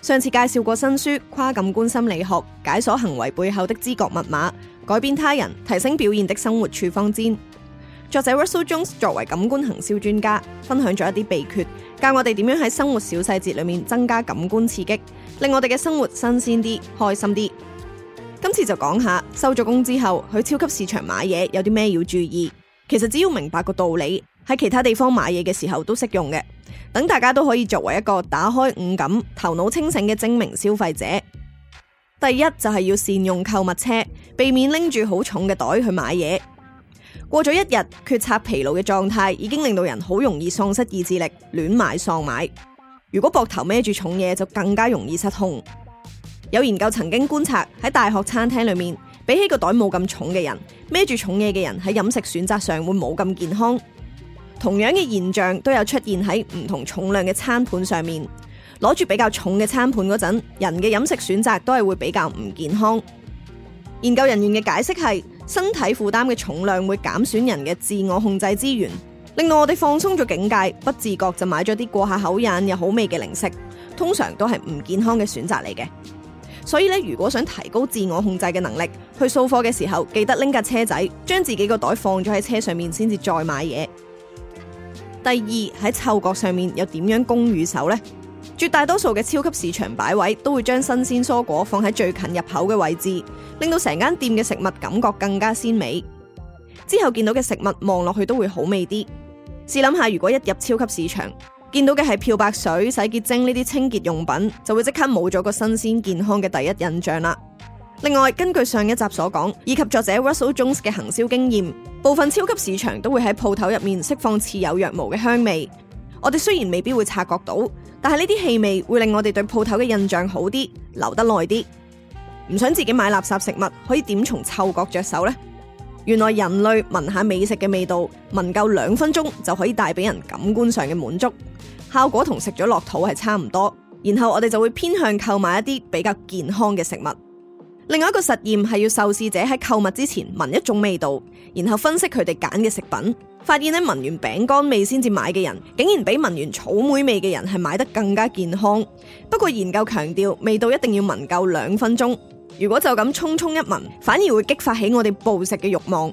上次介紹過新書《跨感官心理學》，解鎖行為背後的知覺密碼，改變他人、提升表現的生活處方箋。作者 Russell Jones 作為感官行銷專家，分享咗一啲秘訣，教我哋點樣喺生活小細節裏面增加感官刺激，令我哋嘅生活新鮮啲、開心啲。今次就講下收咗工之後去超級市場買嘢有啲咩要注意。其實只要明白個道理，喺其他地方買嘢嘅時候都適用嘅。等大家都可以作為一個打開五感、頭腦清醒嘅精明消費者。第一就係要善用購物車，避免拎住好重嘅袋去買嘢。過咗一日決策疲勞嘅狀態，已經令到人好容易喪失意志力，亂買、喪買。如果膊頭孭住重嘢，就更加容易失控。有研究曾經觀察喺大學餐廳裏面。比起個袋冇咁重嘅人，孭住重嘢嘅人喺飲食選擇上會冇咁健康。同樣嘅現象都有出現喺唔同重量嘅餐盤上面。攞住比較重嘅餐盤嗰陣，人嘅飲食選擇都係會比較唔健康。研究人員嘅解釋係，身體負擔嘅重量會減損人嘅自我控制資源，令到我哋放鬆咗警戒，不自覺就買咗啲過下口癮又好味嘅零食，通常都係唔健康嘅選擇嚟嘅。所以咧，如果想提高自我控制嘅能力，去掃貨嘅時候，記得拎架車仔，將自己個袋放咗喺車上面，先至再買嘢。第二，喺嗅覺上面又點樣攻與守呢？絕大多數嘅超級市場擺位都會將新鮮蔬果放喺最近入口嘅位置，令到成間店嘅食物感覺更加鮮美。之後見到嘅食物望落去都會好味啲。試諗下，如果一入超級市場，見到嘅係漂白水、洗潔精呢啲清潔用品，就會即刻冇咗個新鮮健康嘅第一印象啦。另外，根據上一集所講，以及作者 Russell Jones 嘅行銷經驗，部分超級市場都會喺鋪頭入面釋放似有若無嘅香味。我哋雖然未必會察覺到，但係呢啲氣味會令我哋對鋪頭嘅印象好啲，留得耐啲。唔想自己買垃圾食物，可以點從嗅覺着手呢？原來人類聞下美食嘅味道，聞夠兩分鐘就可以帶俾人感官上嘅滿足，效果同食咗落肚係差唔多。然後我哋就會偏向購買一啲比較健康嘅食物。另外一個實驗係要受試者喺購物之前聞一種味道，然後分析佢哋揀嘅食品，發現咧，聞完餅乾味先至買嘅人，竟然比聞完草莓味嘅人係買得更加健康。不過研究強調，味道一定要聞夠兩分鐘。如果就咁匆匆一聞，反而會激發起我哋暴食嘅慾望。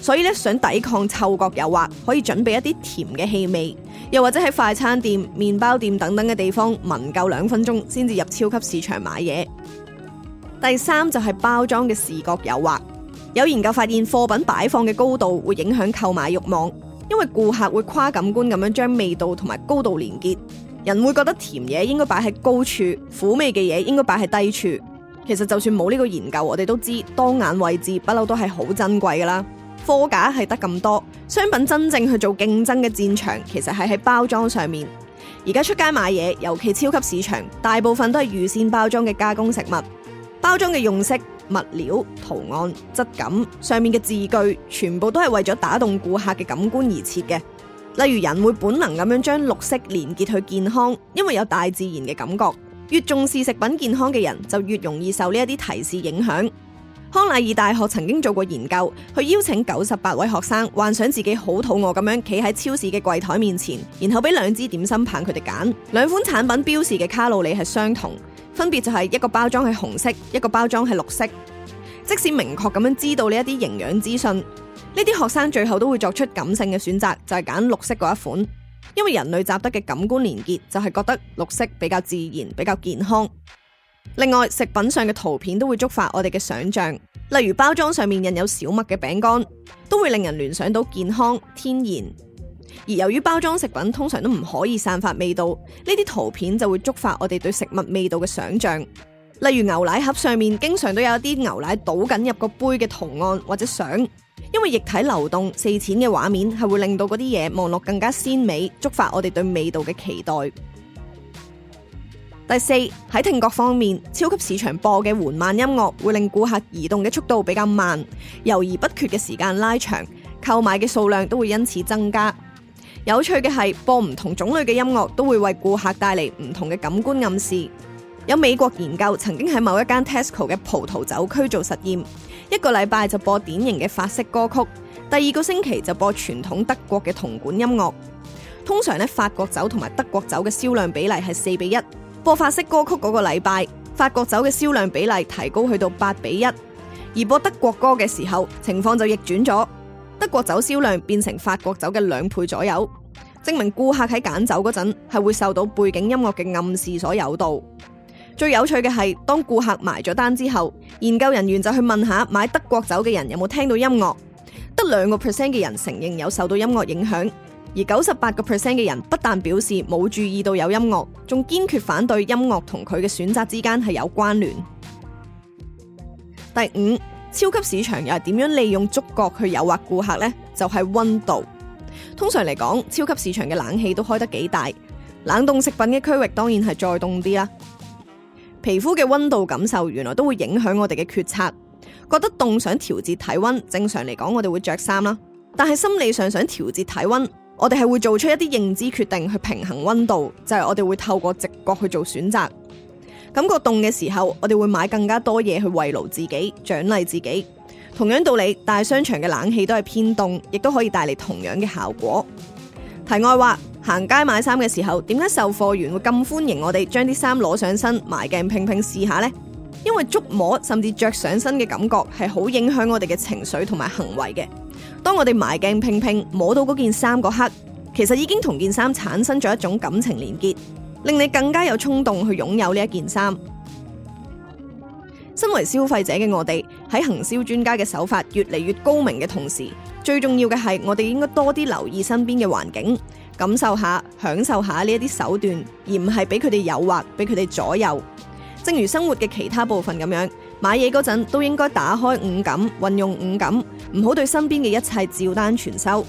所以咧，想抵抗嗅覺誘惑，可以準備一啲甜嘅氣味，又或者喺快餐店、麵包店等等嘅地方聞夠兩分鐘，先至入超級市場買嘢。第三就係包裝嘅視覺誘惑。有研究發現，貨品擺放嘅高度會影響購買慾望，因為顧客會跨感官咁樣將味道同埋高度連結。人會覺得甜嘢應該擺喺高處，苦味嘅嘢應該擺喺低處。其實就算冇呢個研究，我哋都知當眼位置不嬲都係好珍貴噶啦。貨架係得咁多，商品真正去做競爭嘅戰場，其實係喺包裝上面。而家出街買嘢，尤其超級市場，大部分都係預先包裝嘅加工食物。包裝嘅用色、物料、圖案、質感，上面嘅字句，全部都係為咗打動顧客嘅感官而設嘅。例如人會本能咁樣將綠色連結去健康，因為有大自然嘅感覺。越重視食品健康嘅人，就越容易受呢一啲提示影響。康乃爾大學曾經做過研究，去邀請九十八位學生幻想自己好肚餓咁樣企喺超市嘅櫃台面前，然後俾兩支點心棒佢哋揀，兩款產品標示嘅卡路里係相同，分別就係一個包裝係紅色，一個包裝係綠色。即使明確咁樣知道呢一啲營養資訊，呢啲學生最後都會作出感性嘅選擇，就係揀綠色嗰一款。因為人類習得嘅感官連結，就係覺得綠色比較自然、比較健康。另外，食品上嘅圖片都會觸發我哋嘅想象，例如包裝上面印有小麥嘅餅乾，都會令人聯想到健康天然。而由於包裝食品通常都唔可以散發味道，呢啲圖片就會觸發我哋對食物味道嘅想象。例如牛奶盒上面經常都有啲牛奶倒緊入個杯嘅圖案或者相。因為液體流動，四淺嘅畫面係會令到嗰啲嘢望落更加鮮美，觸發我哋對味道嘅期待。第四，喺聽覺方面，超級市場播嘅緩慢音樂會令顧客移動嘅速度比較慢，猶豫不決嘅時間拉長，購買嘅數量都會因此增加。有趣嘅係，播唔同種類嘅音樂都會為顧客帶嚟唔同嘅感官暗示。有美國研究曾經喺某一間 Tesco 嘅葡萄酒區做實驗。一個禮拜就播典型嘅法式歌曲，第二個星期就播傳統德國嘅銅管音樂。通常咧法國酒同埋德國酒嘅銷量比例係四比一。播法式歌曲嗰個禮拜，法國酒嘅銷量比例提高去到八比一。而播德國歌嘅時候，情況就逆轉咗，德國酒銷量變成法國酒嘅兩倍左右，證明顧客喺揀酒嗰陣係會受到背景音樂嘅暗示所誘導。最有趣嘅係，當顧客埋咗單之後，研究人員就去問下買德國酒嘅人有冇聽到音樂，得兩個 percent 嘅人承認有受到音樂影響，而九十八個 percent 嘅人不但表示冇注意到有音樂，仲堅決反對音樂同佢嘅選擇之間係有關聯。第五，超級市場又係點樣利用觸覺去誘惑顧客呢？就係、是、溫度。通常嚟講，超級市場嘅冷氣都開得幾大，冷凍食品嘅區域當然係再凍啲啦。皮膚嘅溫度感受，原來都會影響我哋嘅決策。覺得凍想調節體溫，正常嚟講我哋會着衫啦。但係心理上想調節體溫，我哋係會做出一啲認知決定去平衡溫度，就係我哋會透過直覺去做選擇。感覺凍嘅時候，我哋會買更加多嘢去慰勞自己、獎勵自己。同樣道理，大商場嘅冷氣都係偏凍，亦都可以帶嚟同樣嘅效果。題外話。行街買衫嘅時候，點解售貨員會咁歡迎我哋將啲衫攞上身埋鏡拼拼試下呢？因為觸摸甚至着上身嘅感覺係好影響我哋嘅情緒同埋行為嘅。當我哋埋鏡拼拼摸到嗰件衫嗰刻，其實已經同件衫產生咗一種感情連結，令你更加有衝動去擁有呢一件衫。身為消費者嘅我哋喺行銷專家嘅手法越嚟越高明嘅同時，最重要嘅係我哋應該多啲留意身邊嘅環境。感受下，享受下呢一啲手段，而唔係畀佢哋誘惑，畀佢哋左右。正如生活嘅其他部分咁樣，買嘢嗰陣都應該打開五感，運用五感，唔好對身邊嘅一切照單全收。